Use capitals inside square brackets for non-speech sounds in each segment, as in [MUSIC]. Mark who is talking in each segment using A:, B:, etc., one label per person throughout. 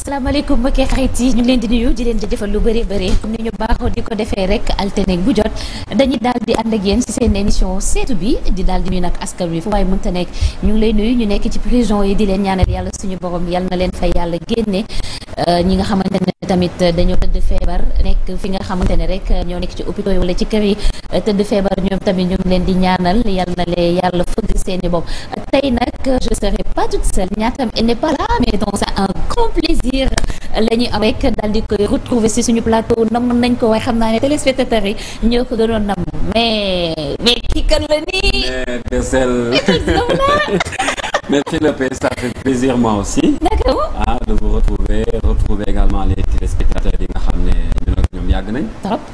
A: asalaamaaleykum mbokki xarit yi ñu ngi leen di nuyu di leen di defal lu bëri bëri comme ni ñu baaxoo di ko defee rek altine bu jot dañuy daal di ànd ak yéen ci seen émission seetu bi di daal di nuyu nag askan wi fu waaye mënta nekk ñu ngi lay nuyu ñu nekk ci prison yi di leen ñaanal yàlla suñu borom yàlla na leen fay yàlla génne Euh, ñi nga xamante ne tamit dañoo tëdd feebar nekk fi nga xamante ne rek ñoo nekk ci hôpitaux yi wala ci kër yi tëdd feebar ñoom tamit ñu leen di ñaanal yal na leen yàlla fëgg seeni bopp tey nag je serai pas toute seule ñaatam elle n'est pas là mais donc c'est un grand plaisir la ñuy am rek daal di koy retrouver si suñu plateau nam nañ ko waaye xam naa ne téléspectateurs yi ñoo ko gënoon nam mais mais kii kan la nii.
B: [LAUGHS] Merci le PS, ça fait plaisir moi aussi. D'accord. Ah, de vous retrouver, retrouver également les téléspectateurs yi nga xam ne ñun ak ñoom yàgg nañ.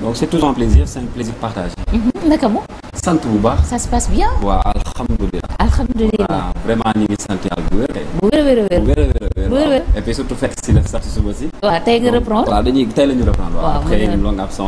B: Donc c'est toujours un plaisir, c'est un plaisir partagé. Naka mhm. mu. sant bu baax. Ça se passe bien. waaw alhamdulilah.
A: alhamdulilah
B: vraiment ñu ngi sant yàlla bu wér. bu wér wér wér bu wér wér wér et puis surtout fekk si la sax si suba si.
A: waaw tey nga reprendre. waaw
B: dañuy tey la ñu reprendre. Mhm. si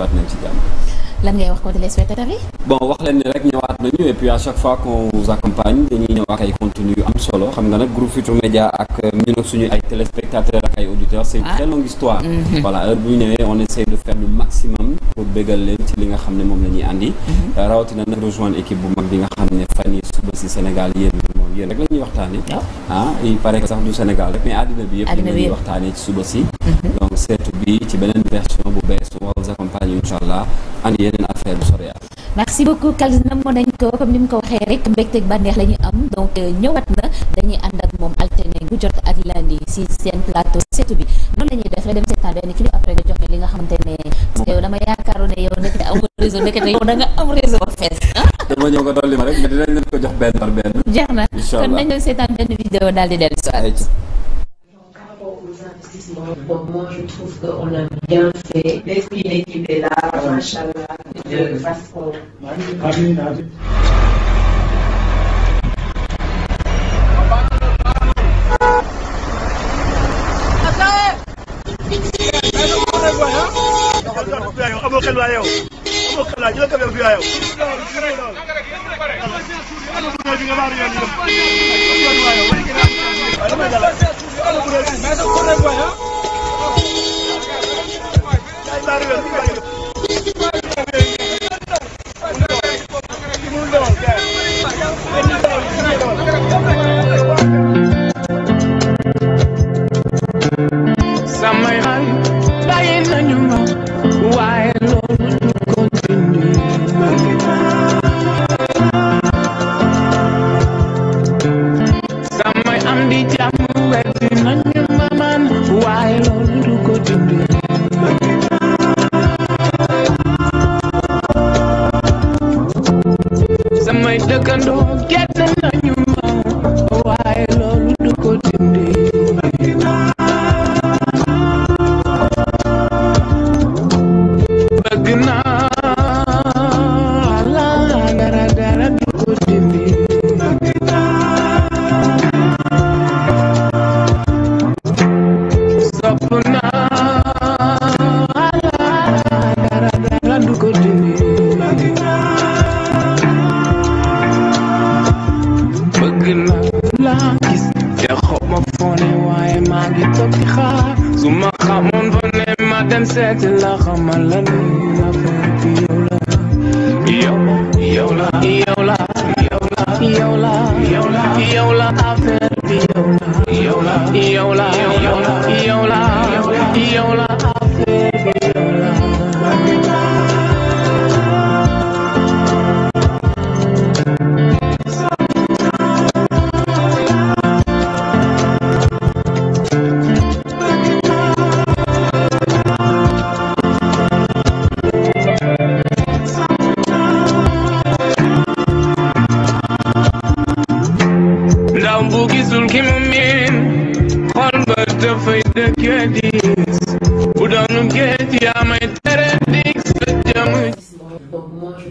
B: waat nañ ci
A: lan ngay wax ko téléspectateurs yi
B: bon wax leen ni rek ñëwaat nañu et puis à chaque fois qu'on vous accompagne dañuy ñëw ak ay contenu am solo xam nga nag groupe Futurs Médias ak ñun suñu ay téléspectateurs ak ay auditeurs c'est une ah. longue histoire mhm. voilà heure bu ñu ñëwee essaie de faire maximum pour bégal leen ci li nga xam ne moom la ñuy mhm. euh, rawatina nag rejoindre équipe bu mag bi nga xam ne fan suba si Sénégal yéen rek la ñuy waxtaane ah, ah sax du Sénégal nañu incha allah andi yeneen affaire bu soriya
A: merci beaucoup Kals namoo nañ ko comme ni mu ko waxee rek mbégteeg bànneex la ñu am donc euh, ñëwaat na dañuy ànd ak moom alterné bu jot ak lundi si seen plateau seetu bi noonu seetaan benn clip après nga jox li nga xamante ne parce que yow ne yow nekk amul réseau nekk na yow da am réseau ba ah.
B: dama ñëw nga dolli ma rek mais dinañ leen ko jox benn par benn. jeex na kon nañ
A: doon seetaan benn vidéo daal di dellu si Bon, moi, je trouve qu'on a bien fait.
C: L'esprit d'équipe est là, machallah, de façon.
D: Thank you. Thank you.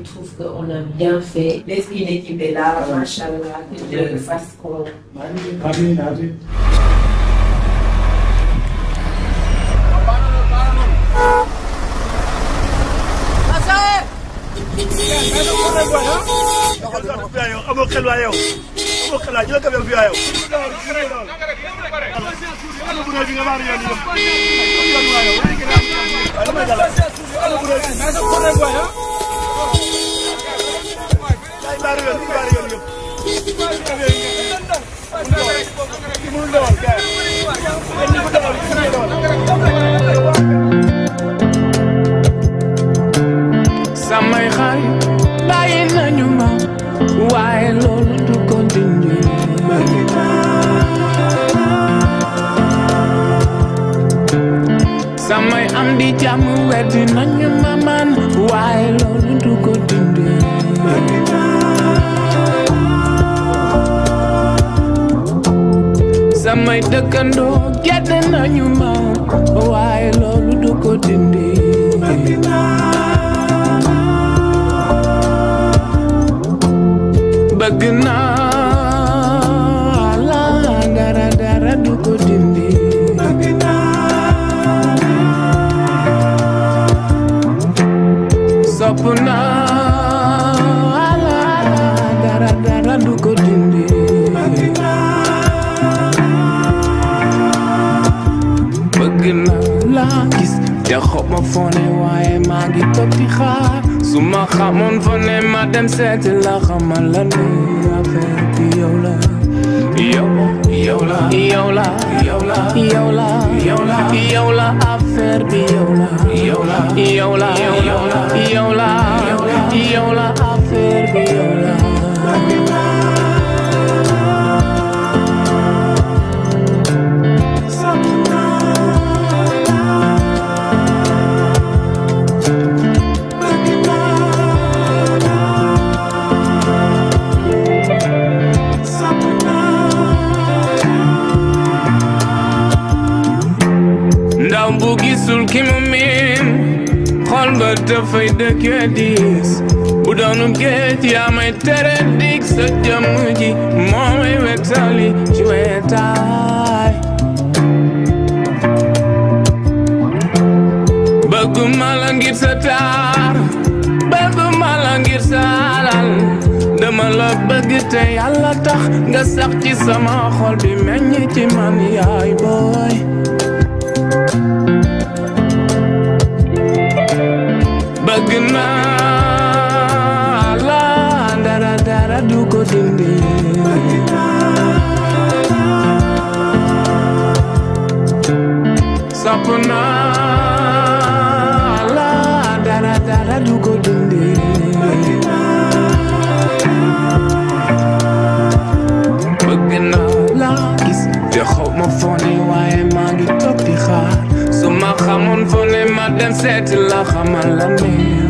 A: trouve qu'on a bien fait. L'esprit
C: d'équipe est là, machallah, que Dieu fasse qu'on. amoo xel waa yow amoo xel waa ñu la ko def waa yow. waaw.
E: samay xarit bàyyi nañu ma waaye loolu du continuer samay am di jàmm weddi nañu ma man waaye du ko dindi samay dëkkandoo gedd nañu ma waaye loolu du ko dindi bëgg naa ëppna ala dara dara du ko dindi bëgg na la gis te xob ma fone waaye maa ngi toog di xaar su ma xamoon fone ma dem seeti la xamal la ne affaire bi yow la yow yow la yow la yow la yow la yow la affaire bi yow la yow la yow la yow la yow la affaire bi yow la dafay dëkkee diis bu doonu géej yaa may tere dig sa jëmm ji moo ci wetaay bëggu ma la ngir sa taar bëggu ma ngir sa alal dama la bëgg te yàlla tax nga sax ci sama bi meññ ci man yaay booy bëgg naa la dara dara du ko dindi naa la dara dara du ko dindi bëgg ma foone waaye di xaar su ma xamoon foone ma dem seeti la xamal la ne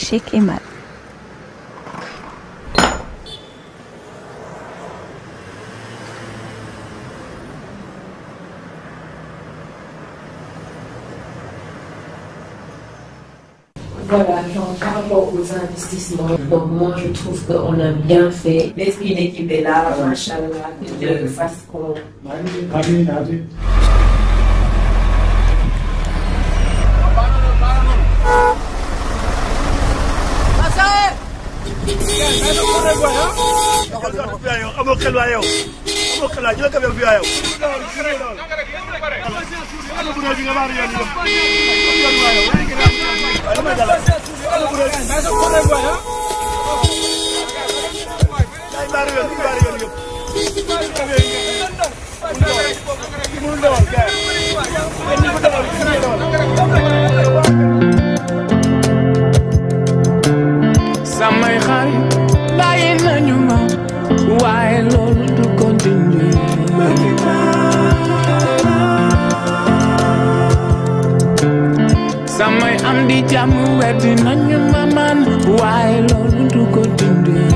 E: échec et mat.
A: Voilà, genre par rapport aux investissements, donc moi je trouve qu'on a bien fait. L'esprit d'équipe est là, machallah, de
E: façon.
C: yow amoo xel waay yow amoo xel waay jël camion bi yow
D: Thank you.
E: samay xarit bàyyi nañu ma waaye loolu du continuer samay am di jàmm weddi nañu ma man waaye loolu du continuer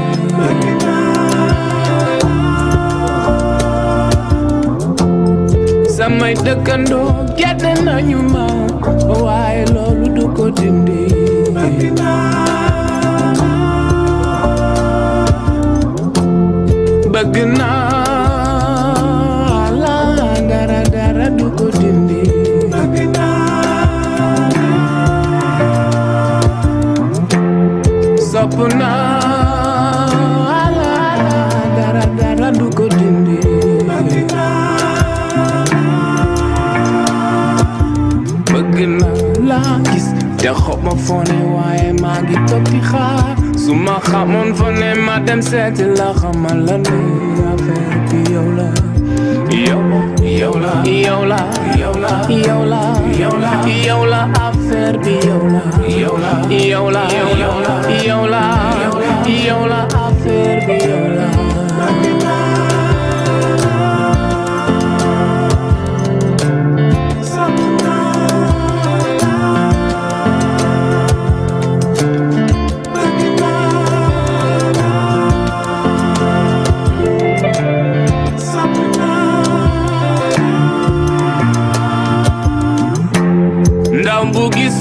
E: samay dëkkandoo gedd nañu ma waaye loolu du continuer bëgg naa la dara dara du ko dindi bëgg naa sopp naa la dara dara du ko dindi bëgg naa la gis te xob ma fone waaye maa ngi toog di xaar su ma xamoon fa ne ma dem seeti la xamal la yow la. yow yow la yow la yow la yow la. yow la yow la yow la yow la.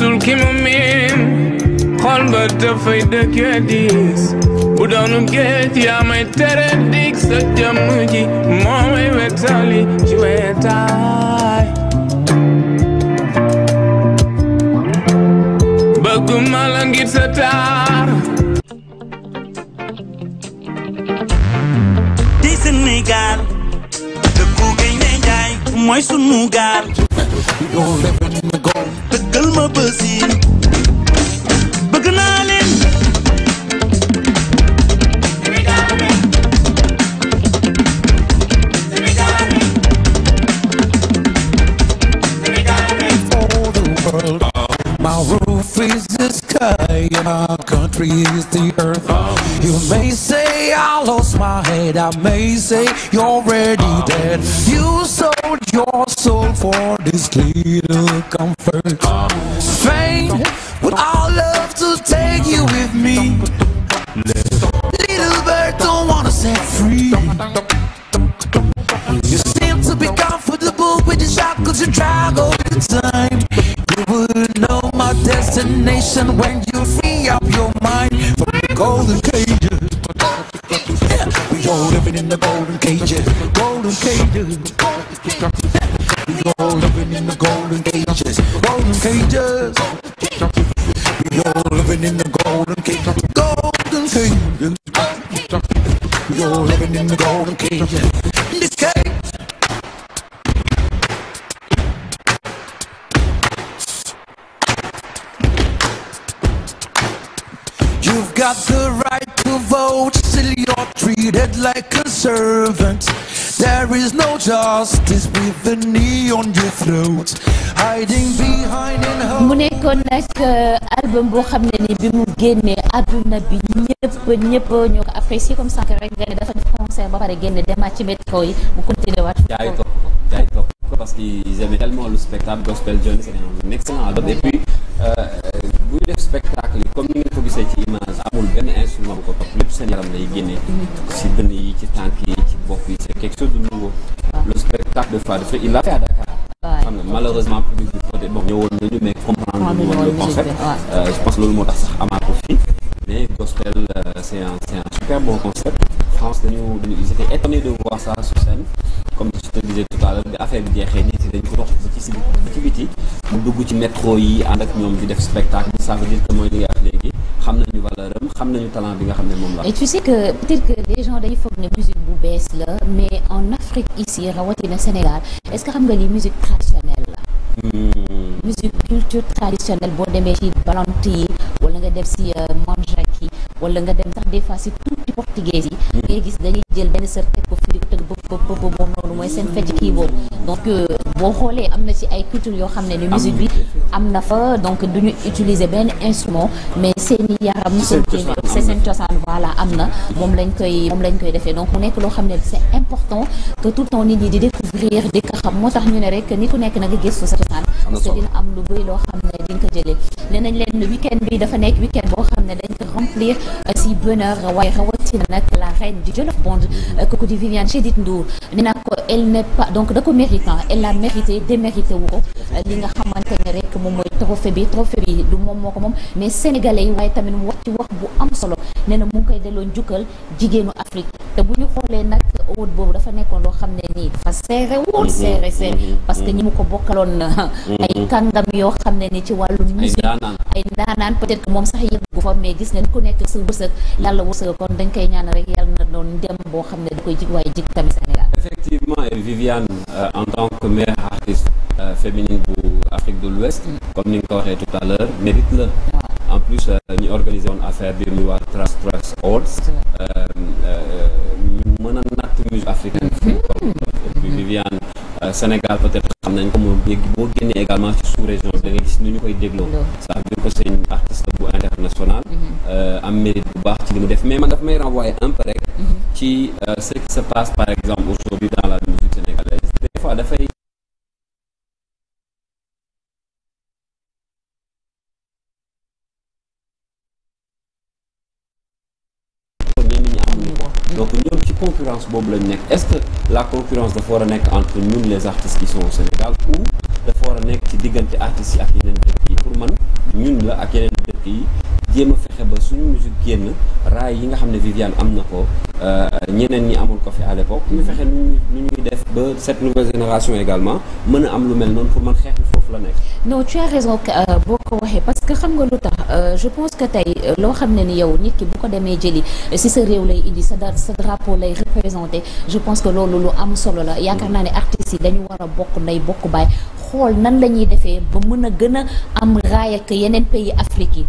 E: gisul ki mu miim xool ba dafay dëkkee diis bu doonu géej yaa may tere dig sa jëmm ji moo may wetali ci wetaay bëgguma la ngir sa taar di Sénégal
C: dëkku gaynde Njaay mooy sunu gaal trees
D: the
C: You may say I lost my head, I may say you're already dead.
E: You sold
C: your soul for this little comfort.
A: album boo xam ne ni bi mu génnee àdduna bi ñëpp ñëpp ñoo ko apprécié comme sànq rek nga ne dafa def concert ba pare génne demaat ci métro yi mu continué waat. jaay topp
B: jaay topp parce qu'ils aimaient tellement le spectacle gospel jeune c'est un excellent album et euh, buy def spectacle yi comme ni ngeen ko gisee ci image amul benn instrument bu ko topp lépp seen yaram lay génnee. si dënn yi ci tànk yi ci bopp yi c'est quelque chose de nouveau. le spectacle de Fadou il l'a fait à Dakar. malheureusement public bi peut-être bon ñëwoon nañu mais comprendre lu woon le concept euh, fii mais gospel euh, c'est un c'est un super bon concept France dañu affaire bi jeexee nit dañ ko dox ba ci ci biti mu dugg ci métro yi ànd ak ñoom di def spectacle ça veut dire que mooy nga wax léegi xam nañu valeur am xam nañu talent bi nga xam ne moom la. et tu
A: sais que peut-être que les gens dañuy foog ne musique bu bees la mais en Afrique ici rawatina Sénégal est-ce que xam nga li musique musique culture traditionnelle boo demee ci balante yi wala nga dem si mandrake yi wala nga dem sax des fois si tuuti portugais yi ngay gis dañuy jël benn sër teg ko fii di ko tëgg ba ba ba moom noonu mooy seen fecc kii boobu donc euh, boo xoolee am na ci ay culture yoo xam ne ne musique bi am na fa donc du ñu utiliser benn instrument mais seeni yaram seen seen cosaan voilà am na moom lañ koy moom lañ koy defee donc mu nekk loo xam ne c'est important que tout le moo tax ñu ne rek ni ku nekk na nga sa cosaan parce que dina am lu bëri loo xam ne di nga ko jëlee nee nañ leen week bi dafa nekk week boo xam ne dañ ko remplir ci euh, bonheur rawatina nag la reine du Jolof Band euh, kooku di Viviane Chidid Ndour nee naa ko elle n'est pas donc da ko méritant elle a mérité démérité wu ko li nga xamante ne rek moom mooy trophée bi trophée bi du moom moo ko moom mais sénégalais yi waaye tamit mu wax ci wax bu am solo nee na mu ngi koy delloon njukkal jigéenu Afrique te bu ñu xoolee nag wut boobu dafa nekkoon loo xam ne nii dafa seere woon seere mm-hmm. seere mm-hmm. parce que ñi mm-hmm. mu ko bokkaloon [LAUGHS] ay kàngam yoo xam ne ni ci wàllu musique ay ndaanaan peut-être moom sax yëggu fa mais gis nga ni ku nekk sa wërsëg yàlla wërsëg kon dañ koy ñaan xam ne da koy jig waaye jig tamit Sénégal effectivement
B: et Viviane euh, en tant que mère artiste euh, féminine bu Afrique de l'Ouest comme ni nga ko waxee tout à l'heure mérite la en plus euh, ñu organiser woon affaire bi muy waa Trace Trace Awards ñu mën a musique africaine mhm. et Viviane Sénégal peut-être xam nañ ko moom boo génnee également ci sous-région bi da nga gis ni ñu koy dégloo ça veut dire que c'est une bu international mm-hmm. euh, am mérite bu baax ci li def mais man daf may renvoyer un peu rek mm-hmm. ci euh, ce qui se passe par exemple aujourd'hui dans la musique sénégalaise des dafay concurrence boobu lañ nekk est la concurrence dafa war a nekk entre ñun les artistes qui sont au Sénégal ou dafa war a nekk ci diggante artistes yi ak yeneen dëkk yi pour man ñun la ak yeneen dëkk yi jéem a fexe ba ñu musique génn raay yi nga xam ne Viviane am na ko euh, ñeneen ñi amul ko fi à l'époque ñu fexe nu ñu ñuy def ba cette nouvelle génération également mën a am lu mel noonu pour man xeex bi foofu la nekk.
A: non tu as raison euh, boo ko waxee parce que xam nga lu tax euh, je pense que tey loo xam ne ni yow nit ki bu ko demee jëli si sa réew lay indi sa sa drapeau lay représenté je pense que loolu lu am solo la yaakaar naa ne artistes yi dañu war a bokk nday bokk baay xool nan la ñuy defee ba mën a gën a am raay ak yeneen pays Afrique yi.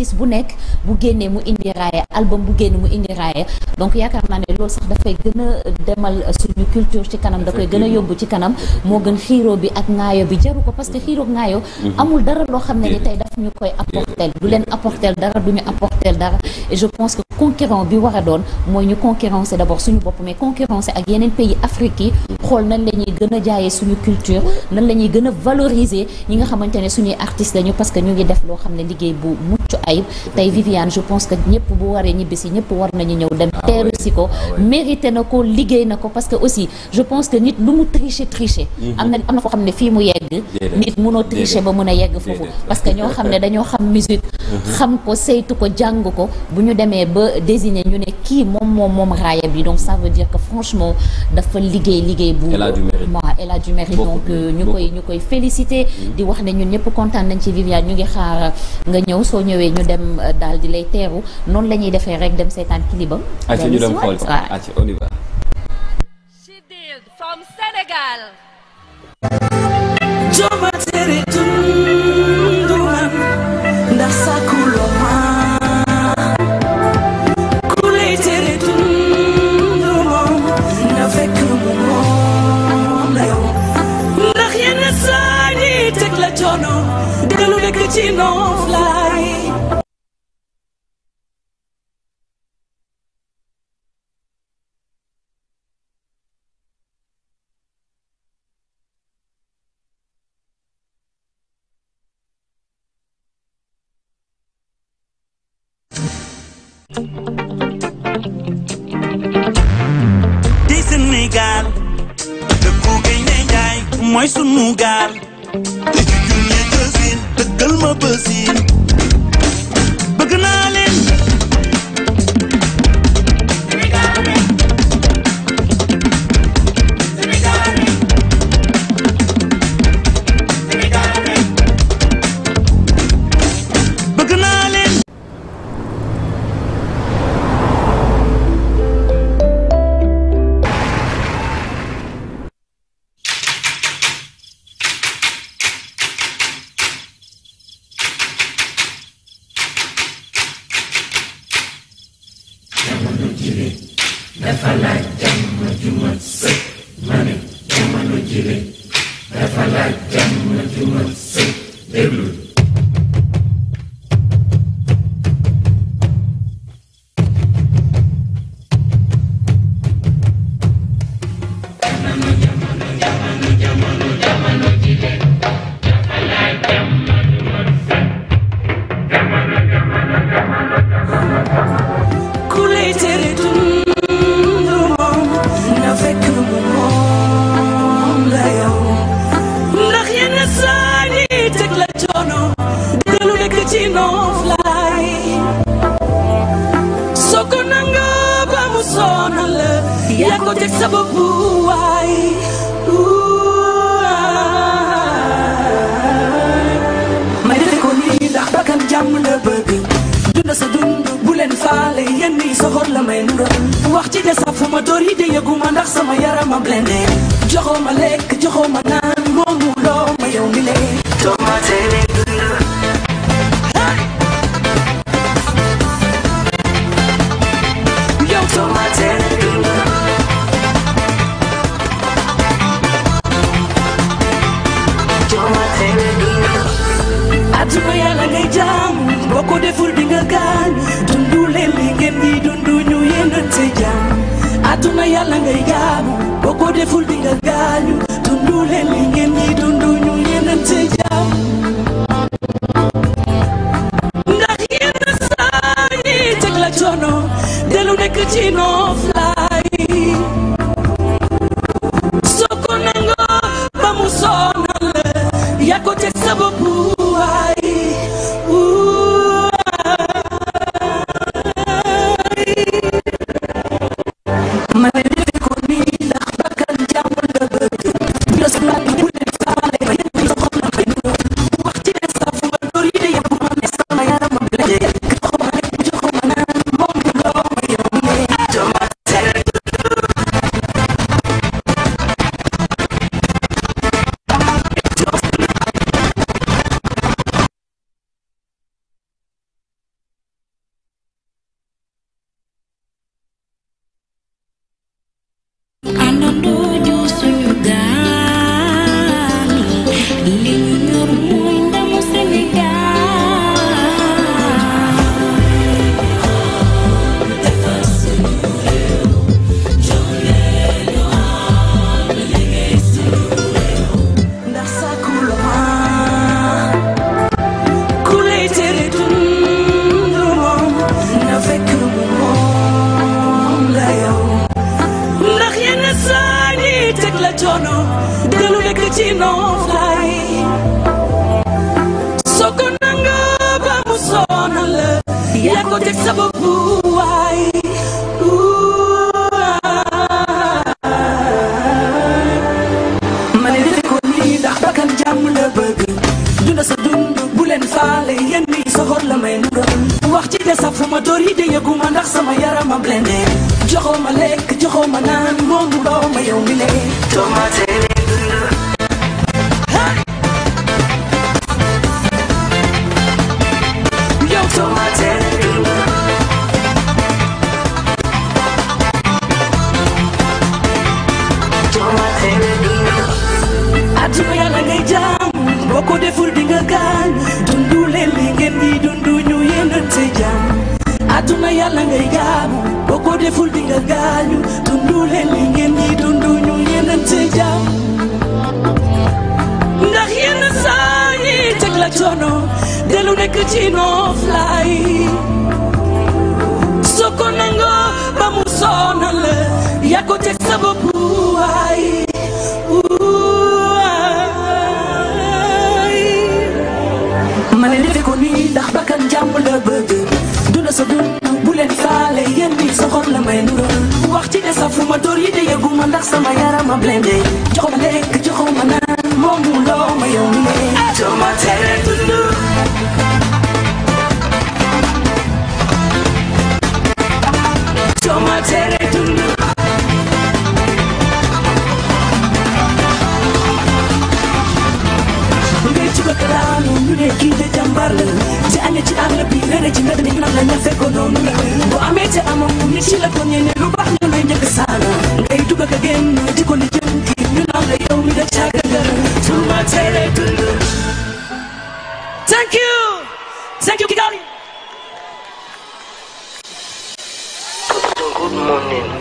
A: artiste bu nekk bu génnee mu indi raaya album bu génn mu indi raaya donc yaakaar naa ne loolu sax dafay gën a demal suñu culture ci kanam da koy gën a yóbbu ci kanam moo gën xiiroo bi ak ŋaayo bi jaru ko parce que ak ŋaayo mhm. amul dara loo xam ne ni tey ñu koy apporteel du leen apporteel dara du ñu apporteel dara et pense que concurrent bi war a doon mooy ñu concurrencer d'abord suñu bopp mais concurrencer ak yeneen pays Afrique yi xool na la ñuy gën a jaayee suñu culture nan la ñuy gën a valoriser ñi nga xamante ne suñuy artistes lañu parce que ñu ngi def loo xam ne liggéey bu mucc ayib tey Viviane je pense que ñëpp bu waree ñibbisi ñëpp war nañu ñëw dem ah teeru si ko ah mérité na ko liggéey na ko parce que aussi je pense que nit lu mu tricher tricher mhm. am na foo xam ne fii mu yegg nit munoo tricher ba mun a yegg foofu ne dañoo xam musique mhm. xam ko saytu ko jàng ko bu ñu demee ba désigner ñu ne kii moom moom moom raaya yi donc ça veut dire que franchement dafa liggéey liggéey bu waaw elle a du mérite donc euh, ñu koy ñu koy féliciter mhm. di wax ne ñun ñëpp kontaan nañ ci Viviane ñu ngi xaar nga ñëw soo ñëwee ñu dem euh, daal di lay teeru noonu la ñuy defee rek dem seetaan kilibam ñu dem xool
D: Sénégal she no fly. di Sénégal
C: dëkku Gaynde Njaay mooy sunu gaal bësin dëggal ma bësin teg sa bopp waay may defe ko nii ndax bakkan jàmm la bëgg dunda sa dund bu leen faale yenn yi soxor la may nura wax ci de sax fu ma door yi de yëguma ndax sama yaram a blende joxoo ma lekk joxoo ma naan moomu loo ma yow mi lee good morning.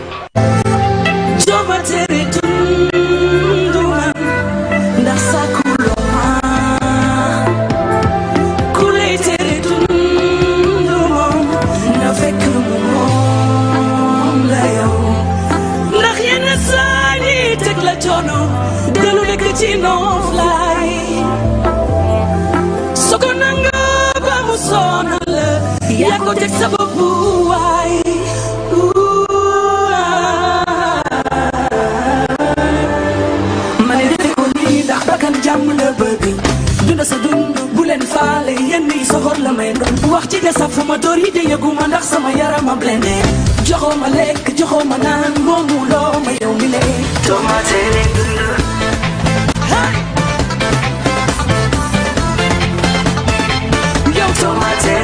C: yi de saf sama dóor yi de yëguma ndax sama yaram a blende ma lekk joxoo ma naan moomuloo ma yow mi le tomate lay dund Tomate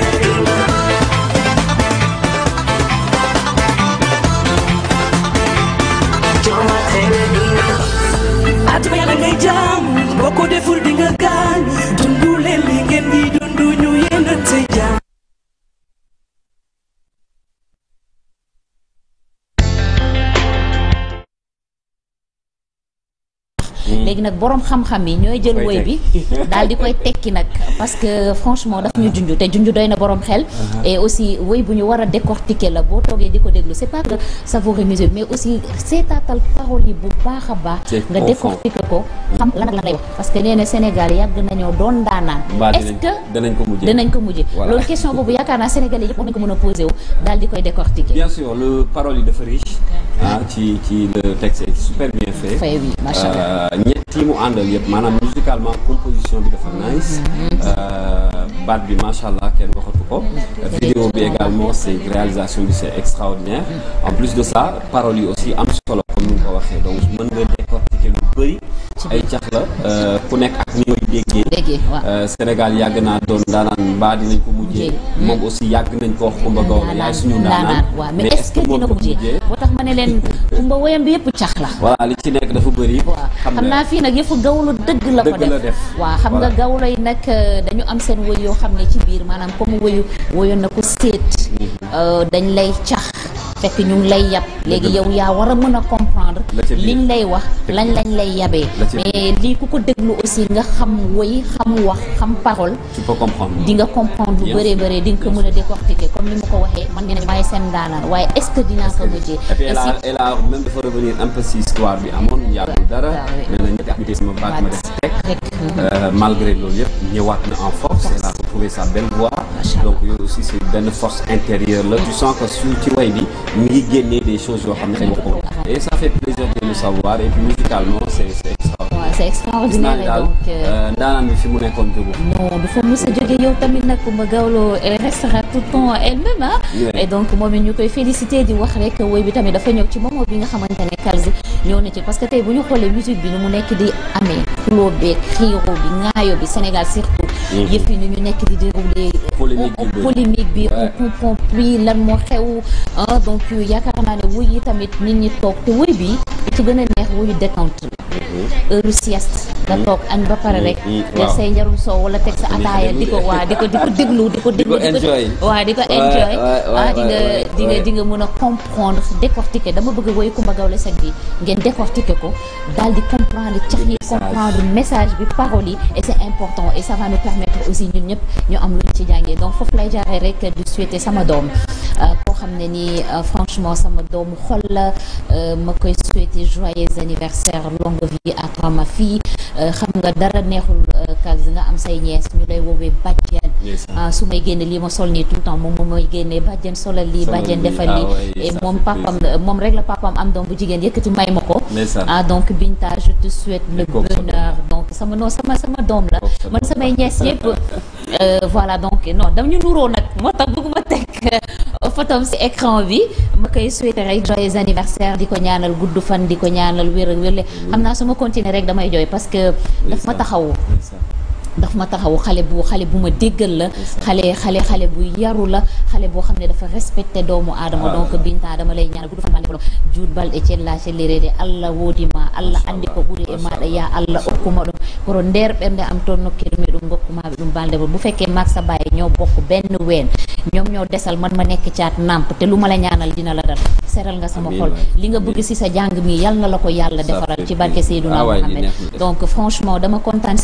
C: lay dund
A: nag borom xam-xam yi ñooy jël woy bi [LAUGHS] daal di koy tekki nag parce que franchement daf ñu junj te junj doy na borom xel uh-huh. et aussi woy bu ñu war a décortiquer la boo toogee di ko déglu c'est pas que savourer musique mais aussi seetaatal parole yi bu baax a baax nga décortiquer ko xam lan ak lan lay wax parce que na Sénégal yàgg nañoo doon daanaan est-ce que
B: danañ ko mujjee danañ ko mujjee loolu question
A: boobu yaakaar naa Sénégal yi yëpp nañ ko mën a posé wu daal di koy décortiquer
B: bien sûr le parole yi dafa riche ah ci ci le texte est kii mu àndal yëpp maanaam musicalement composition bi dafa nice mm-hmm. euh, baat bi macha allah kenn waxatu ko. vidéo bi également c'est réalisation bi c'est extraordinaire en plus de ça paroles yi aussi am solo comme ni nga ko waxee donc mën nga décortiquer. ay cax euh, ku nekk ak ñooy déggee euh, Sénégal yàgg naa doon daanaan mbaa nañ ko mujjee moom aussi yàgg nañ koo wax Kumba Gawlo yaay suñu daanaan waaw mais est-ce que dina
A: tax ma ne leen Kumba woyam bi yëpp cax la
B: voilà li ci nekk dafa bëri
A: xam naa fii nag yëfu gawlo dëgg la ko def waa xam nga gawlo yi nag euh, dañu am seen woy yoo xam ne ci biir maanaam comme woyu woyoon na ko séet mm-hmm. dañ lay cax fekk ñu ngi lay yab léegi yow yaa war a mën a comprendre liñ lay wax lañ lañ lay yabee mais lii ku ko déglu aussi nga xam woy xam wax xam parole di nga comprendre lu bëree bëree di nga ko mën a décortiquer comme ni ma ko waxee man ngeen waaye seen daanaan waaye est-ce que dinaa ko mujjee
B: elle a même dafa bi amoon yàggul dara nee na ñetti activité sama baat ma
A: des euh,
B: malgré loolu yëpp ñëwaat na en force elle a retrouvé sa belle voix donc yooyu aussi c'est benn force intérieure la tu sens que su ci way bi mi ngi génnee des choses yoo xam ne dañu ko euh, euh, fi mu nekkoon jógu.
A: non dafa mës a jóge yow tamit nag Coumba moom ñu koy féliciter di wax rek woy bi tamit dafa ñëw ci bi nga xamante ne Kalz ñëw parce que tey bu ñu xoolee musique bi ni mu nekk di amee xuloo beeg xiiroo bi ŋaayoo bi Sénégal surtout. yëf yi ni ñu nekk di déroulé. polémique bi polémique bi on comprend lan moo xew ah donc yaakaar naa ne wuy yi tamit nit ñi toog te wuy bi su gën a neex wuyu détente heure sieste nga toog añ ba pare rek def mm, mm, say njarum soow wala teg sa ataaya di ko waa di ko di ko déglu di ko déglu waaw di ko enjoy waaw ah, di nga di nga di nga a comprendre décortiquer dama bëgg woy Coumba Gawlo Seck bi ngeen décortiquer ko daal di comprendre cax yi comprendre message bi parole yi et c'est important et ça va nous permettre aussi ñun ñëpp ñu am lu ñu ci jàngee donc foofu lay jaaree rek di souhaiter sama doom euh, koo xam ne nii euh, franchement sam doomu xol la euh, ma koy ak Rama fii Euh, xam nga dara neexul euh, kas nga am say ñees ñu lay woowee bàjjen ah, su may génne lii ma sol nii tout le temps moom moom mooy génnee bàjjen solal lii bàjjen defal ah lii moom papam moom rek la papam am doom bu jigéen yëkkati may ma ko ah donc Binta je te souhaite le bonheur donc sama sama sama doom la man samay ñees yëpp [LAUGHS] euh, voilà donc non dam ñu nuroo nag moo tax bëgguma teg photom ci écran bi ma koy souhaiter rek joyeux anniversaire di ko ñaanal gudd fan di ko ñaanal wér ak xam naa su ma continuer rek damay jooy parce daf ma taxawu daf ma taxaw xale bu xale bu ma déggal la xale xale xale bu yaru la xale boo xam ne dafa respecté doomu aadama donc Binta dama lay ñaanal gudu fan bande ba juut bal e cella sellirede allah woodima allah andi ko ɓuuri e maɗa ya allah hokkuma ɗum koto nder am toon nokkirmi ɗum gokkumaɓe ɗum balde bo bu fekkee maak sa baye ñoo bokk benn ween ñoom ñoo desal man ma nekk caat nàmp te lu ma la ñaanal dina la dal seral nga sama xol li nga bëgg si sa jàng mi yal na la ko yàlla defaral ci barke Seydina ah Muhammad donc franchement dama kontaan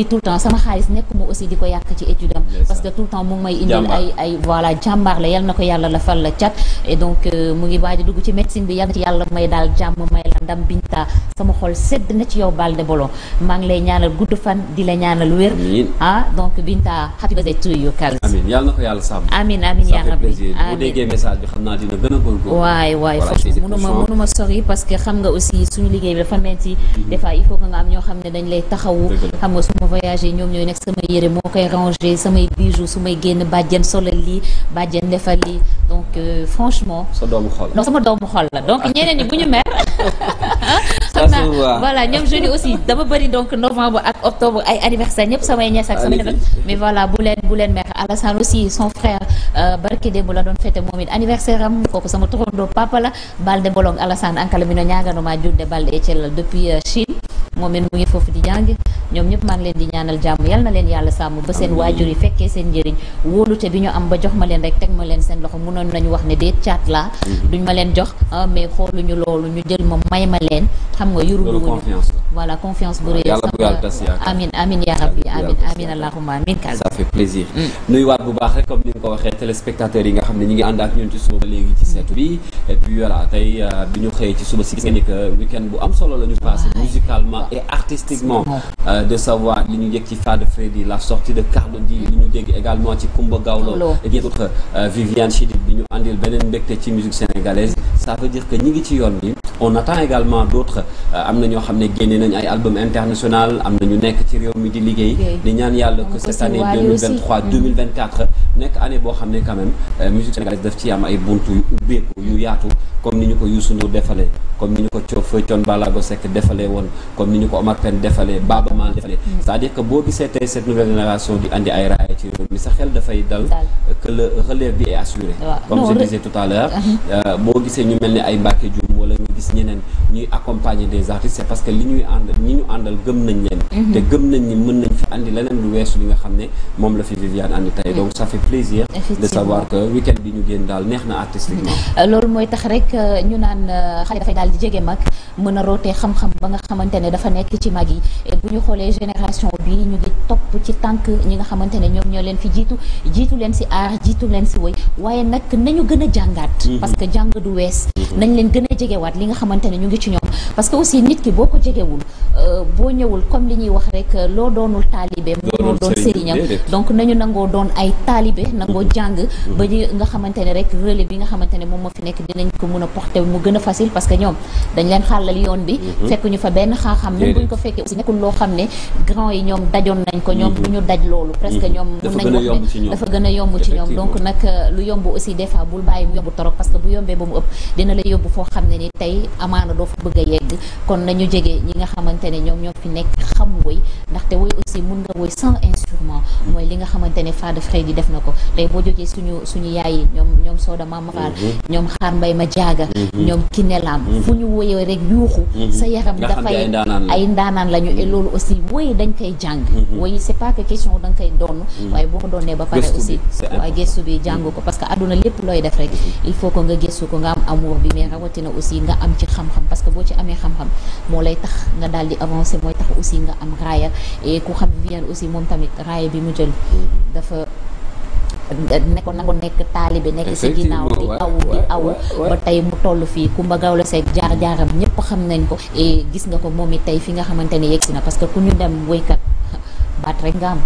A: dit tout le temps sama xaalis nekkuma aussi di ko yàq ci étude am parce que tout temps mu may indil ay voilà jàmbaar la yal na ko yàlla la fal la cat et donc euh, mu ngi waaj a ci médecine bi yàlla may daal jàmm may la ndam binta sama xol sedd na ci yow Balde Bolon lay ñaanal gudd fan di la ñaanal wér ah donc binta happy birthday to you Kals amiin
B: yal na ko yàlla sàmm amiin
A: amiin yaa bi
B: xam naa dina a foofu mënuma
A: mënuma sori parce que xam nga aussi suñu voyager ñoom ñooy nekk samay yére moo koy ranger samay bijoux su may génn bàjjen solal lii bàjjen defal lii donc euh, franchement.
B: sa doomu xol non sama
A: doomu xol la donc ñeneen ñi bu ñu mer. [LAUGHS]
B: Ah, xam voilà
A: ñoom jeudi aussi dama bëri donc novembre ak octobre ay anniversaire ñëpp samay ñees ak samay defal mais voilà bu leen bu leen mer Alassane aussi son frère euh, barki démb la doon fête moom it anniversaire kooku sama turandoo papa la Balde Bolong Alassane ankala mi no ma judde Balde Ecel depuis euh, jàng ñoom ñëpp maa leen di ñaanal jàmm yal na leen yàlla sàmm ba seen waajur yi fekkee seen njëriñ wóolute bi ñu am ba jox ma leen rek teg ma leen seen loxo mënoon nañu wax ne dee caat laa mm-hmm. duñ ma leen jox ah, mais xooluñu loolu ñu jël ma may ma leen xam nga yuru voilà confiance bu rëy amin amin yaa rabbi amin amin allahumma amin kal ça
B: mm. nuy waat bu baax rek comme ni nga ko waxee téléspectateurs yi nga xam ne ñi ngi ànd ak ñun ci suba ba léegi ci seetu Euh, de savoir li ñu yëg ci Fade Freddy la sortie de Carlou D li ñu dégg également ci Kumba Gawlo et bien d'autres euh, Viviane Chidid bi ñu àndil beneen mbégte ci musique sénégalaise ça veut dire que ñi ngi ci yoon bi on attend également d'autres euh, am na ñoo xam ne génne nañ ay album international am na ñu nekk ci réew mi di liggéey di ñaan yàlla que cette mm-hmm. nekk année boo xam ne quand même sénégalaise daf ci am ay buntu yu ubbeeku yu yaatu comme ni ñu ko Youssou Ndour defalee comme ni ñu ko di defalee cest dire que boo gisee tey cette nouvelle génération di andi ay raay ci réew mi sa xel dafay dal que le bi est assuré comme je disais tout [LAUGHS] euh, boo gisee ñu mel ni ay Mbacke Dioum wala nga gis ñeneen ñuy accompagner des artistes c'est parce que li ñuy ànd ñi ñu àndal gëm nañ leen mhm. te gëm nañ ni mën nañ fi andi leneen lu weesu li nga xam ne moom la fi Viviane andi tey donc ça plaisir de savoir que week-end bi ñu génn daal neex na artistiquement
A: [LAUGHS] euh, loolu mooy tax rek euh, ñu a xoolee génération bi ñu ngi topp ci tànk ñi nga xamante ne ñoom ñoo leen fi jiitu jiitu leen si aar jiitu leen si woy waaye nag nañu gën a jàngaat mm-hmm. parce que jàng du wees mm-hmm. nañ leen gën a jegewaat li nga xamante ne ñu ngi ci ñoom parce que aussi nit ki boo ko jegewul euh, boo ñëwul comme li ñuy wax rek euh, loo doonul taalibe mënoo doon sëriñam donc nañu nangoo doon ay taalibe nangoo mm-hmm. jàng mm-hmm. ba ñu nga xamante ne rek rele bi nga xamante ne moom moo fi nekk dinañ ko mën a porter mu gën a facile parce que ñoom dañ leen xàllal yoon bi mm-hmm. fekk ñu fa benn xam-xam même buñ ko fekkee aussi nekkul loo xam ne grand yi ñoom dajoon nañ ko ñoom du ñu daj loolu presque ñoom mën nañ wax ne dafa gën a yomb ci ñoom donc nag euh, lu yomb aussi des fois bul bàyyi mu yomb torop parce que bu yombee ba mu ëpp dina la yóbbu foo xam ne ni tey amaana doo fa bëgg a yegg tëdd kon nañu jege ñi nga xamante ne ñoom ñoo fi nekk xam woy ndaxte woy aussi mun nga woy sans instrument mooy li nga xamante ne Fada Freddy def na ko te boo jogee suñu suñu yaay ñoom ñoom Soda Mama Fall mhm. ñoom Xaar Mbay ma jaaga mhm. ñoom Kinelam mhm. fu ñu woyee rek yuuxu sa yaram dafay ay ndaanaan lañu loolu aussi woy dañ koy jàng woy c'est pas que question da koy doon waaye boo ko doonee ba pare aussi waaye gëstu bi jàng ko parce que àdduna lépp looy def rek il faut que nga gëstu ko nga am amour bi mais rawatina aussi nga am ci xam-xam parce amee xam-xam moo lay tax nga daal di avancer mooy tax aussi nga am raaya et ku xam Viviane aussi moom tamit raaya bi mu jël dafa nekkoon na ko nekk taalibe nekk si ginnaaw di aw di aw ba tey mu toll fii Coumba Gawlo Seck jaar-jaaram ñëpp xam nañ ko gis nga ko moom it tey fi nga xamante ne yegsi na parce que ku ñu dem wéykat baat rek nga am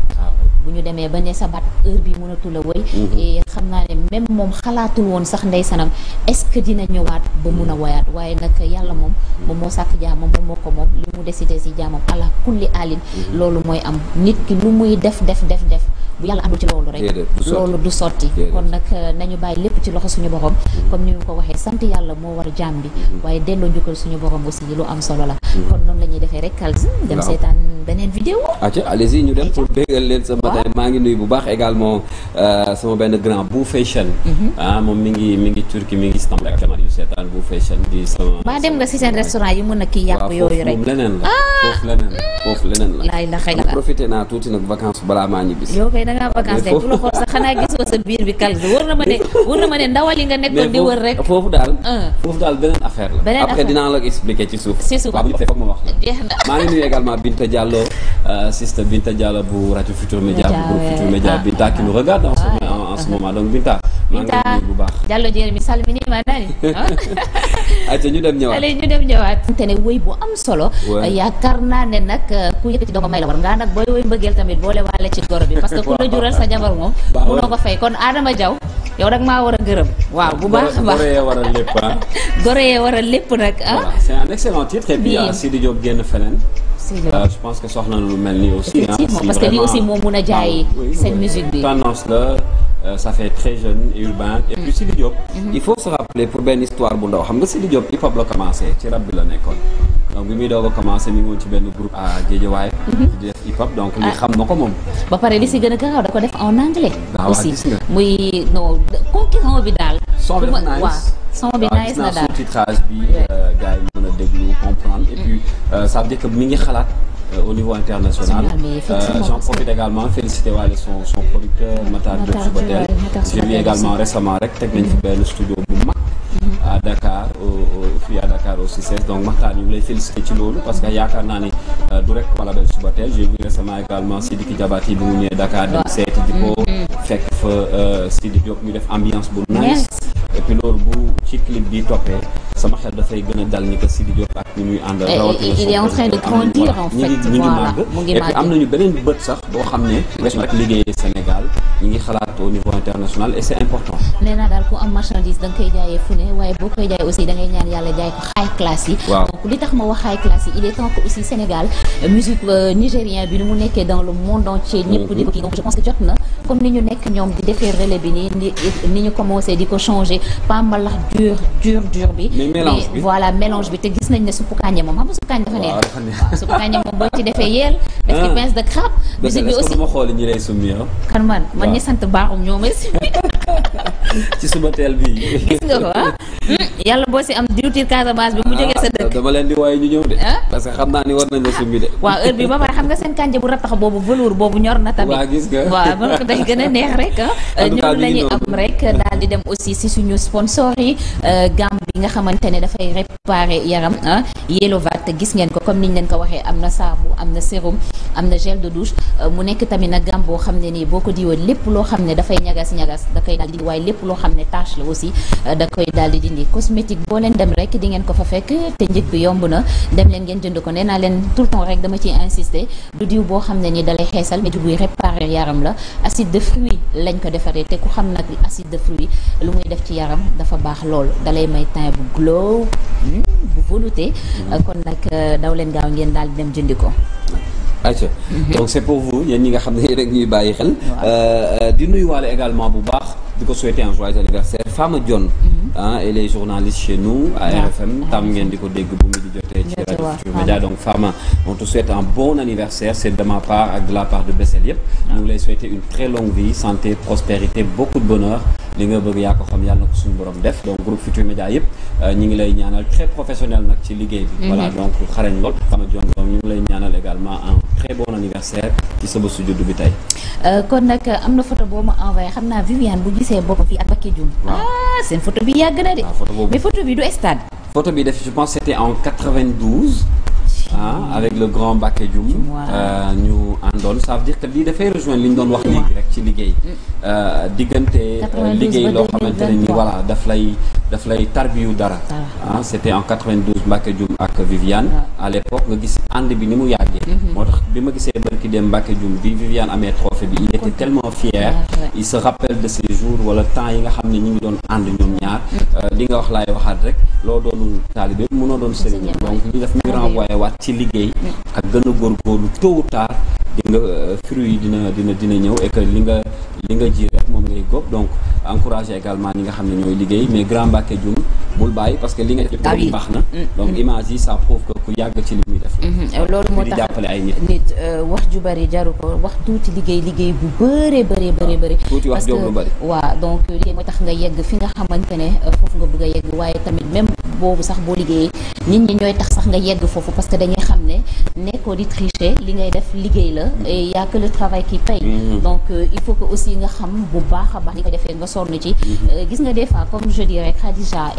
A: bu ñu demee ba ne sa baat heure bi mënatu woy mhm. xam naa ne même moom xalaatul woon sax ndeysanam est-ce que dina ñëwaat ba mun a mhm. woyaat waaye nag yàlla moom mhm. moom moo sàkk jaamam moom moo ko moom li mu des si jaamam ala kulli alin loolu mooy am nit ki lu muy def def def def bu yàlla àndul ci loolu rek loolu du sotti kon nag euh, nañu bàyyi lépp ci loxo suñu borom comme ñu mu ko waxee sant yàlla moo war jaam bi waaye delloo njukkal suñu borom aussi lu am solo la kon noonu la ñuy defee rek Kalz dem seetaan beneen vidéo euh,
B: mhm. ah, mi ngi mi ngi mi ngi Istanbul actuellement ñu seetaan bu ba
A: dem nga si seen restaurant yi mën a kii yàpp yooyu rek laay la xëy ah! la
B: profité naa tuuti nag vacances balaa maa ñibbi yow
A: kay dangaa vacances de bu la xool sax xanaa gisoo sa biir bi Kalz wër na ma ne wër na ma ne ndawal nga nekkoon di wër rek
B: foofu daal ah. foofu daal beneen affaire la après dinaa la expliquer ci suuf te maa ngi nuyu également Binta Diallo euh, sister Binta Diallo bu rajo Futur Média bu groupe Futur Média Binta qui nous regarde en ce moment donc Binta Binta
A: Diallo Jérémy Salmini maa naani
B: ayca [LAUGHS] ñu dem ñëwaat allez
A: ñu dem ñëwaat te ne woy bu am solo yaakaar naa ne nag euh, ku yëkkati doo ko may la war ngaa nag booy woy mbëggeel tamit boole waale ci goro bi parce que ku [LAUGHS] la jural sa jabar moom munoo ko fay kon Adama jaw yow nag maa war a gërëm waaw bu baax a baax yee
B: war a lépp ah
A: [LAUGHS] war lépp nag ah c'est
B: un excellent génn feneen Euh, je pense que soxla na lu mel nii aussi. effectivement parce que lii aussi moo mun a jaay
A: seen musique bi
B: tendance la euh, ça fait très jeune et urbain. et puis mm. Sidi Diop. Mm-hmm. il faut se rappeler pour benn histoire bu ndaw xam nga Sidi Diop hip hop la commencé ci rap bi la donc bi muy doog a commencé mi ngi ci benn groupe à Guédiawaye. Mm-hmm. di def hip hop donc ah. li xam na ko
A: ba pare li si gën a da ko def en anglais. aussi muy non concurrent bi son bi dafa nice son bi nice na daal
B: sous bi euh, gars yi a déglu comprendre et puis euh, ça veut dire que mi ngi xalaat euh, au niveau international ah, j'en profite également félicité waale son son producteur Matar Diop Soubatel j'ai vu également récemment rek teg nañ fi benn studio bu mag
D: mm-hmm.
B: à Dakar fii à Dakar au CICES donc Matar ñu ngi félicité ci loolu parce que yaakaar naa ni du rek wala benn Soubatel j'ai vu récemment également Sidiki Diabaté bu mu ñëwee Dakar dem seeti di ko mm-hmm. fekk fa Sidi ñu def ambiance bu et puis ci clip bi toppee sama xel dafay gën a dal eh,
A: naa daal ku am marchandise da koy jaayee fu ne waaye boo koy jaay aussi da ñaan yàlla jaay ko high class yi. donc li tax ma wax high class yi il est temps aussi Sénégal euh, musique euh, nigérien bi ni mu nekkee dans le monde entier. ñëpp di ko mhm. kii donc je pense que jot na comme ni ñu nekk ñoom di defee relais bi ni ni ñu commencé di ko changer Pambalax dur dur dur bi. mais mélange bi voilà mélange bi te gis nañ ne suppu kànja moom xam suppu kànja
B: dafa neex. [LAUGHS] suppu
A: kànja moom boo ci defee yeel. def ci ah. pince de crabe. musique bi aussi
B: ma xool ñi lay summi ah?
A: kan man man ñi sant baaxum ñoo may [LAUGHS]
B: [LAUGHS] ci suma teel bi gis nga ko ah
A: hmm, yàlla boo si am diwtiir Casamance bi mu jógee sa dëkk
B: dama leen di waaye ñu ñëw de ah? parce que xam naa ni war nañ la sumbi de waaw heure bi ba pare
A: xam nga seen kànja bu rattax boobu velours boobu ñor na tamit waaw gis nga waaw mën ko day gën a neex rek ah. ñoom la ñu am rek daal di dem aussi si suñu sponsor yi euh, gam yi nga xamante ne dafay réparer yaram ah Yelovat gis ngeen ko comme niñ leen ko waxee am na saabu am na sérum am na gel de douche ah, mu nekk tamit nag gam boo xam ne nii boo ko diwee lépp loo xam ne dafay ñagas-ñagas da koy daal di dindi loo xam ne tache la aussi ah, da koy daal di dindi cosmétique boo leen dem rek di ngeen ko fa fekk te njëg yomb na dem leen ngeen jënd ko nee naa leen tout rek dama ciy insister du diw boo xam ne ni dalay xeesal mais buy réparer yaram la acide de fruit lañ ko defaree te xam nag acide de fruit lu muy def ci yaram dafa baax lool dalay may parfum bu glow hmm, bu velouté hmm. kon nag euh, daw leen gaaw ngeen daal di dem jëndi ko
B: aca mhm. donc c'est pour vous yéen ñi nga xam ne rek ñuy bàyyi xel euh, euh, di nuyuwaale également bu baax du ko souhaiter un joyeux anniversaire Fama Dione mhm. ah et les chez nous RFM tam ngeen di ko dégg bu mu di jotee ci rajo Futurs Médias donc Fama on te souhaite un bon anniversaire c'est de ma part ak de la part de Bessel yëpp ñu ngi lay souhaiter une très longue vie santé prospérité beaucoup bonheur li nga bëgg yaa ko xam yàlla na ko suñu borom def donc groupe Futurs Médias yëpp euh, ñi ngi lay ñaanal très professionnel nag ci liggéey bi mhm. voilà donc xarañ lool xama jon doom ñu ngi lay ñaanal également bi tey
A: euh, kon nag na photo boo ma envoyé xam naa yàgg na de. Ah, mais photo bi du stade.
B: photo bi def je pense c'était en 92. ah avec le grand Bakadjoum. waaw euh, ñu àndoon ça veut dire que lii dafay rejoindre li ñu doon wax léegi rek ci liggéey. Mm. Euh, diggante euh, liggéey loo xamante ne ni voilà daf lay. daf lay tarbiyu dara ah, ah c'était en 92 ak Viviane ah. à l'époque nga gis ànd bi ni mu yàggee mm-hmm. moo tax bi ma gisee barki dem Mbacke Dioum bi Viviane amee trophée bi il était tellement fier ah, il se rappelle de ses jours wala temps yi nga xam ne ñi ngi doon ànd ñoom ñaar mm. euh, li nga wax laay waxaat rek loo doonul taalibe mënoo doon sëriñ donc li daf ñu renvoyé ci liggéey mm. ak gën a góorgóorlu tôt ou tard di nga euh, fruit yi dina ñëw et li nga li nga ji moom ngay góob donc encourager également ñi nga xam ne ñooy liggéey mais grand Mbacké Dioum bul bàyyi parce que li nga def ah baax na mm, mm. donc image yi ça prouve que ku yàgg ci mm-hmm.
A: loolu moo tax nit euh, wax ju jaru ko wax tuuti liggéey liggéey bu bëree bëree bëree bëri tuuti wax jóg lu bëri donc moo tax nga yegg fi nga xamante ne euh, foofu nga bëgg a yegg waaye tamit même boobu sax boo liggéeyee nit ñi ñooy tax sax nga yegg foofu parce que dañuy xam ne nekkoo di tricher li ngay def liggéey la et y a que le travail qui paye mm-hmm. donc euh, il faut que aussi nga xam bu baax a baax ni ko defee nga sonn ci mm-hmm. euh, gis nga des fois comme je dirais Khadija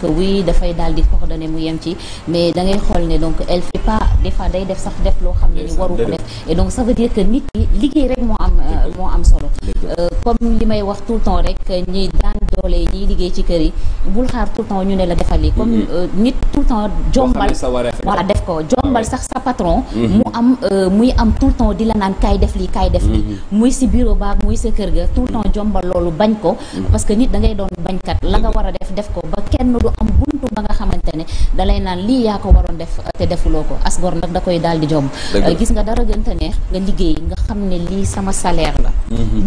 A: que oui dafay daal di coordonner mu yem ci mais da ngay xool ne donc elle fait pas des fois day def sax def loo xam ne ni waru ko def et donc ça veut dire que nit ñi liggéey rek moo am euh, moo am solo comme li may wax tout le temps rek daan doole yi liggéey ci kër yi bul xaar tout ñu ne la defal yi comme mm-hmm. euh, nit tout le temps jombal voilà def ko ah jombal sax sa patron mm-hmm. mu am euh, muy am tout le temps di la naan kay def lii kaay def lii mm-hmm. muy si bureau ba muy sa kër ga tout le temps jombal loolu bañ ko parce que nit da ngay doon bañkat la nga war a def def ko ba kenn du am buntu ba nga xamante ne dalay naan lii yaa ko waroon def te defuloo ko asgor nag da koy daal di jomb euh, gis nga dara gënta ne nga liggéey nga xam ne lii sama salaire la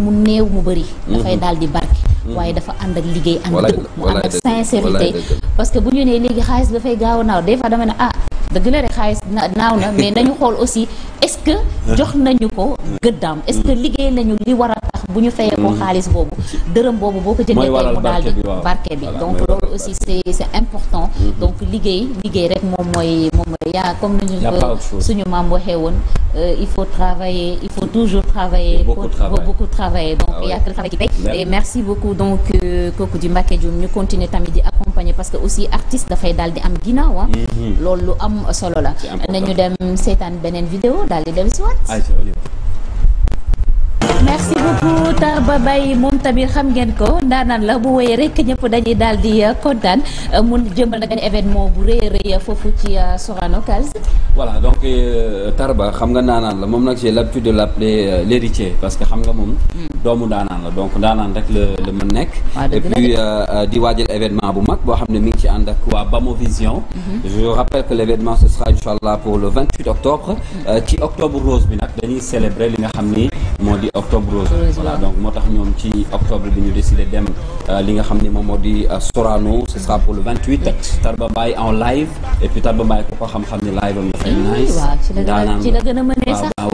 A: mu néew mu bëri dafay daal di barke waaye dafa ànd ak liggéey ànd dëgg mu ànd ak sincérité parce que bu ñu nee léegi xaalis dafay gaaw naaw des fois dama ne ah dëgg la rek xaalis naaw na mais nañu xool aussi est-ce que jox nañu ko gëddaam est-ce que liggéey nañu li war a tax bu ñu fayee ko hmm. xaalis boobu dërëm boobu boo ko jëndee tey mu daal di barke bi donc loolu aussi c'est c'est important hmm. donc liggéey liggéey rek moom mooy moom mooy yaa comme nañu ko woon euh, il faut travailler il faut toujours travailler beaucoup travailler, beaucoup travailler. donc ah y a que le travail qui donc euh, kooku di Mbacké ñu continuer tamit di accompagner parce que aussi artiste dafay daal di am ginnaaw ah. hmm, loolu lu am am solo la nañu dem seytaan beneen vidéo daal di dem si beaucoup Tarba Mbaye moom tamit xam ngeen ko ndaanaan la bu woyee rek ñëpp dañuy daal di euh, kontaan euh, mun jëmbal nag événement bu rëy a rëy foofu ci euh, Sorano Calze.
B: voilà donc Tarba xam nga ndaanaan la moom nag j'ai l'habitude de l'appeler l'héritier parce que xam nga moom. Hmm. doomu ndaanaan la donc ndaanaan rek la la mën nekk. Ah, et di waajal événement bu mag boo xam ne mi ngi ci ànd ak waa Bamo Vision. Hmm. je rappelle que l'événement ce sera incha allah pour le 28 hmm. bi nag dañuy li nga xam ni moo di octobre voilà donc moo tax ñoom ci octobre bi ñu décidé dem euh, li nga xam ne moom moo di euh, Sorano ce sera pour le 28. Tarba Mbaye en live et Tarba Mbaye ku ko xam-xam ne live am dafay nice. daanaka ci la gën a ah.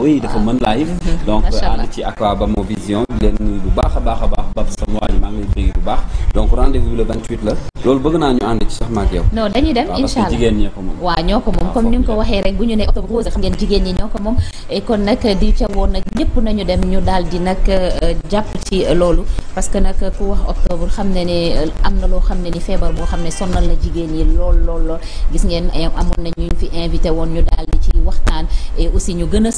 B: mhm. euh, Vision bu baax a baax a baax Bab sama waa ji maa ngi lay bu baax donc rendez-vous bi le la loolu bëgg naa ñu ànd ci sax ma ak yow. non
A: dem incha
B: allah
A: ñoo ko moom comme ni nga ko waxee rek bu ñu nee octobre rose ngeen Euh, jàpp ci loolu parce que nag ku wax octobre xam ne ne euh, am na loo xam ne ni feebar boo xam ne sonal na jigéen yi lool lool lool gis ngeen amoon na ñu fi invité woon ñu daal ci waxtaan et aussi ñu gën a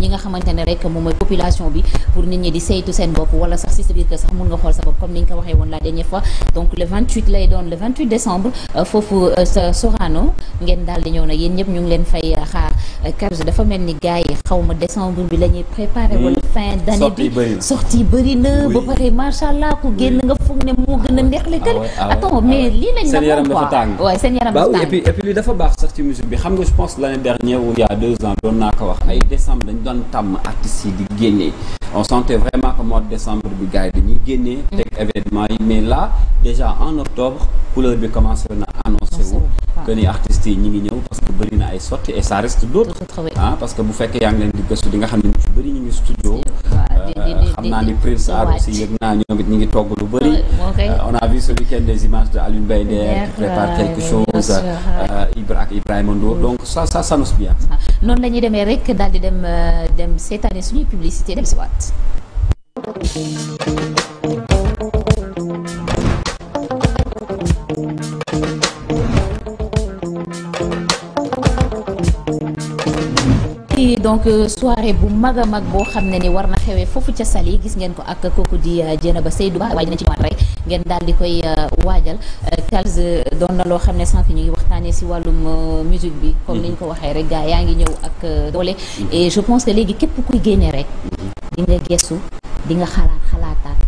A: ñi nga xamante ne rek moom mooy population bi pour nit ñi di saytu seen bopp wala sax si sa sax mun nga xool sa bopp comme ni ñu ko waxee woon la dernière le euh, euh, ñëw nag yéen ñëpp euh, ma décembre la hmm. ba pare macha allah ku génn a kër ah ah attends ah mais lii lañ na moom quoi seen yaram dafa tàng
B: et puis dafa baax sax ci bi xam nga je pense l'année dernière ñëw il y a deux ans doon naa ko wax ay décembre dañu doon tàmm artistes yi di génnee on sentait vraiment que mois de décembre bi gars yi dañuy génnee teg événement yi mais là déjà en octobre couleur bi commencé na annoncé wu que ni artistes yi ñi ngi ñëw parce que bëri ay sorties et ça reste d'autres ah, parce que bu fekkee yaa ngi leen di gëstu di nga xam ne ñu ci bëri ñu ngi studio Euh, xam naa ni Prince Art aussi yëg naa ñoom it ñu ngi togg lu bëri euh, on a vu ce week-end des images de Alioune Mbaye Nder qui prépare quelque chose euh, Ibra ak Ibrahima Ndour donc ça ça s'annonce bien ah,
A: noonu la demee rek daal di dem dem seetaane suñuy publicité dem si waat donc euh, soirée bu mag a mag boo xam ne ni war na xewee foofu ca yi gis ngeen ko ak kooku di euh, Dieynaba Seydou Ba waaye dina ci ñëwaat rek ngeen daal di koy euh, waajal Kals doon na loo xam ne sànq ñu ngi waxtaanee si wàllum musique bi comme ni ñu ko waxee rek gaa yaa ngi ñëw ak doole et je pense que léegi képp kuy génnee rek mm-hmm. di nga gestu di nga xalaat xalaataat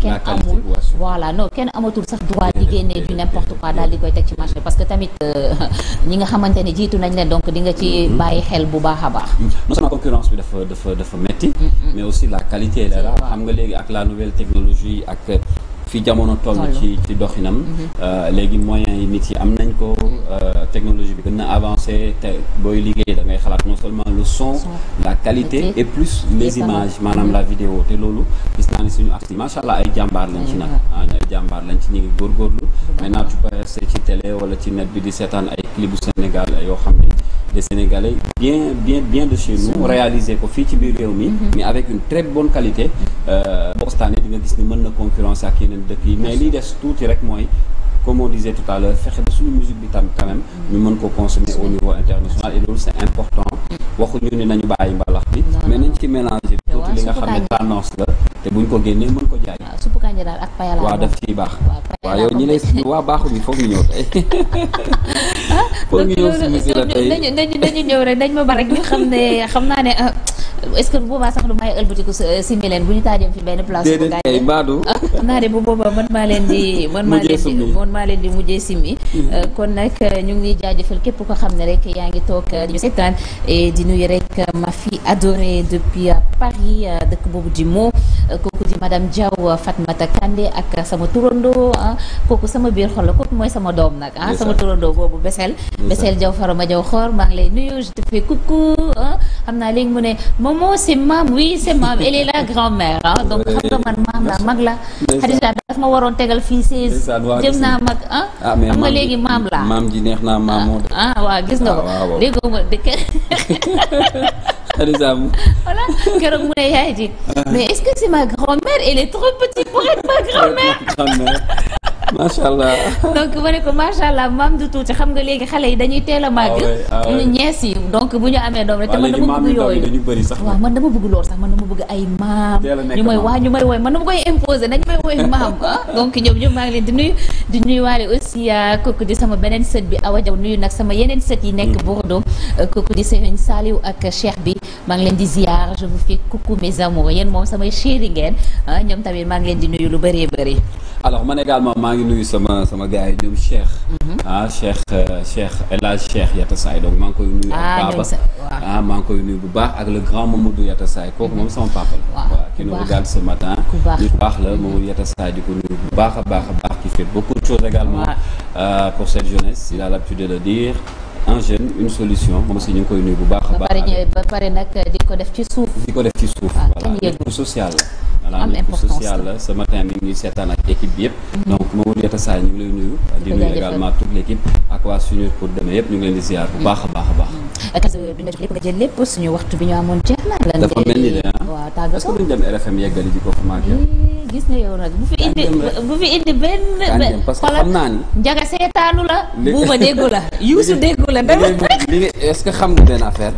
A: kenn amul voilà non kenn amatul sax droit di génne du n'importe quoi daal di koy teg ci marché parce que tamit euh, [LAUGHS] ñi nga xamante ne jiitu nañ leen donc dinga ci mm-hmm. bàyyi xel bu baax a baax
B: mm-hmm. non seulement concurrence bi dafa dafa dafa metti mais aussi la qualité la xam nga léegi ak la nouvelle technologie ak fi jamono toll ci ci doxinam mhm. euh, léegi moyens yi nit yi am nañ ko euh, technologie bi gën na avancé te booy liggéey da ngay xalaat non seulement le son la qualité et plus les images maanaam la mhm. vidéo te loolu gis naa ni suñu artiste yi macha allah ay jàmbaar lañ ci nag ah, ay jàmbaar lañ ci ni ngi góorgóorlu maintenant tu peux rester ci télé wala ci net bi di seetaan ay clip Sénégal yoo xam ne des Sénégalais bien bien bien de chez nous réalisé ko fii ci biir réew mi mhm. mais avec une très bonne yeneen dëkk yi mais liy des tuuti rek mooy comme on disait tout à l'heure fexe ba suñu musique bi tam quand ñu mën ko consommer au niveau international important waxuñu ne nañu bàyyi mbalax bi mais nañ li nga xam ne tendance la te buñ ko génnee mën ko jaay waaw daf ciy baax waaw ñi lay waa baaxu bi ñu ñëw tey [LAUGHS] foog ñu ñëw si musique
A: ñëw rek dañ ma ba rek ñu xam ne xam naa ne euh, est-ce que bu boobaa sax du may ëlbatiku euh, simbi leen bu ñu fi benn place. déedéet kay baadu xam naa de bu boobaa man maa leen di. man maa leen di man leen di mujjee simi mhm. euh, kon nag euh, ñu ngi jaajëfal képp ko xam ne rek yaa ngi toog di ñu seetaan et di nuyu rek ma fille adorée depuis Paris dëkk boobu di moom kooku di madame Diaw uh, Fatmata Kandé ak uh, sama turandoo ah kooku sama biir xol la kooku mooy sama doom nag ah sama turandoo boobu Beseel Beseel Diaw Farama Diaw Xor maa ngi lay nuyu je te fais coucou ah xam naa léegi mu ne maman c'est maam oui la grand maam ma waroon tegal fii seize jëm naa mag ah xam
B: ji neex naa maamoo ah,
A: ah waaw gis nga ko déggoo ma dëkk
B: voilà
A: keroog mu ne yaay ji mais est-ce que c'est ma grand-mère elle est trop petite pour être ma
B: grand-mère macha allah
A: [LAUGHS] donc ma ne ko macha allah maam du tuuti xam nga léegi xale yi dañuy teel a màgg ah ah ñees yi donc bu ñu amee doom rek te man dama bëgg yooyu waaw man dama bëgg lool sax man dama bëgg ay maam ñu may waa ñu may wooy man dama koy imposer nañu may wooy maam ko ah. donc ñoom ñoom maa ngi leen di nuyu di nuyu waale aussi kooku di sama beneen sët bi Awa Jaw nuyu nag sama yeneen sët yi nekk hmm. Bordeaux kooku di Serigne Saliou ak Cheikh bi maa ngi leen di ziar je vous fais coucou mes amours yéen moom samay c ngeen ñoom tamit maa ngi di nuyu lu bëree bëri
B: alors man également maa ngi nuyu sama sama gars yi ñoom Cheikh. Mhm. ah Cheikh euh, Cheikh El Hadj Cheikh Yatassay donc maa ngi koy nuyu. ak Baba ah, ah maa ngi koy nuyu bu baax ak le grand Mamadou Yatassay kooku moom sama papa
D: la. waaw qui nous regarde ce
B: matin. ku baax ku baax la Mamadou Yatassay di ko nuyu bu baax a baax a baax qui fait beaucoup de choses également. Euh, pour cette jeunesse il a l'habitude de le dire. un jeune une solution moom si ñu ngi koy nuyu bu baax a baax. ba pare
A: ba pare nag di ko def ci suuf. di
B: ko def ci suuf ah, voilà social la. am importance la ce matin mi ngi seetaan ak équipe bi yëpp mhm. donc Mamadou Yata Sarr ñu lay nuyu di nuyu également toute l'équipe ak waa suñu pour demee yëpp ñu ngi leen di ziar bu mhm. baax a baax a baax
A: dafa mel ni de ah. waaw tàggatoo est-ce que
B: duñ dem RFM yeggali ji ko commencé. Eh,
A: gis nga yow nag bu fi indi bu fi indi benn. benn
B: parce que xam naa ni.
A: njaga seetaanu la. [LAUGHS] buuba déggu la [LAUGHS] yuusu déggu la.
B: li nga est xam nga benn affaire.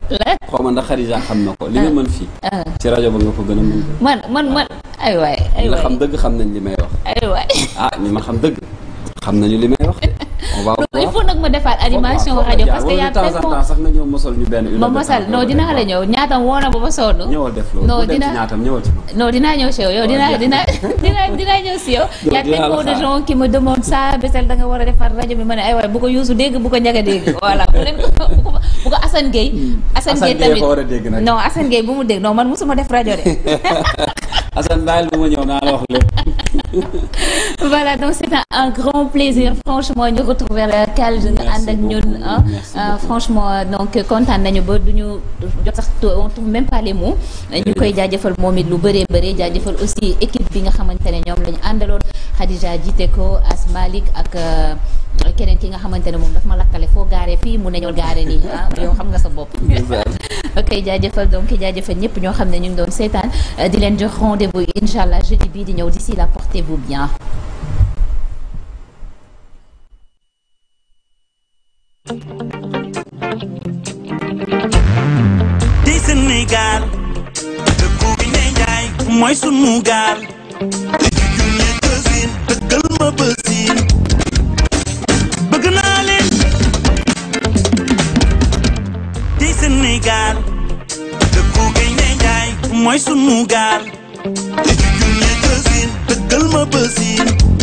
B: xaw ma ndax xam na ko li nga ah. fii. Ah. ci rajo ba nga ko gën a
A: man man man aywaay aywaay. li
B: nga dëgg xam nañ li may wax. aywaay ah ñi ma xam dëgg. xam nañu li may wax. on va il
A: nag ma defaat animation rajo parce que y' a tellement
B: sax nga mosal ñu benn. ma mosal non dinaa la
A: ñëw ñaatam woon na ba ma sonn. ñëwal def loolu non dina ñaatam ñëwal ci non dinaa ñëw si yow yow dinaa dinaa dinaa dinaa ñëw si yow. y' a tellement de gens qui me demandent da nga war defar rajo bi ma ne ay waay bu ko Youssou dégg dégg bu ko bu ko Assane Gueye. Assane Gueye tamit ko war a dégg nag. non Assane Gueye bu mu dégg non man mosuma def rajo de.
B: Assane bàyyil bu ma ñëw naa la wax lépp.
A: [LAUGHS] voilà donc c'est un, grand plaisir franchement ñu retrouver la calme nga ànd ñun euh, franchement donc kontaan nañu ba du ñu jot sax on trouve même pas ñu koy jaajëfal moom it lu bëree bëri jaajëfal aussi équipe bi nga xamante ne ñoom la ñu àndaloon. Khadija jiite ko As ak euh, keneen ki nga xamante ne moom daf ma lakkale foo gaaree fii mu ne ñoo gaaree nii ah yow xam nga sa bopp. [LAUGHS] ok jaajëfal donc jaajëfal ñëpp ñoo xam ne ñu ngi doon seetaan euh, di leen jox rendez-vous incha jeudi bii di ñëw di Sénégal
C: dëkku bi ne jaay mooy sunu sama bës yi bëgg naa leen di Sénégal dëkku gay ne mooy sunu gaal te ci junne dësil dëggal ma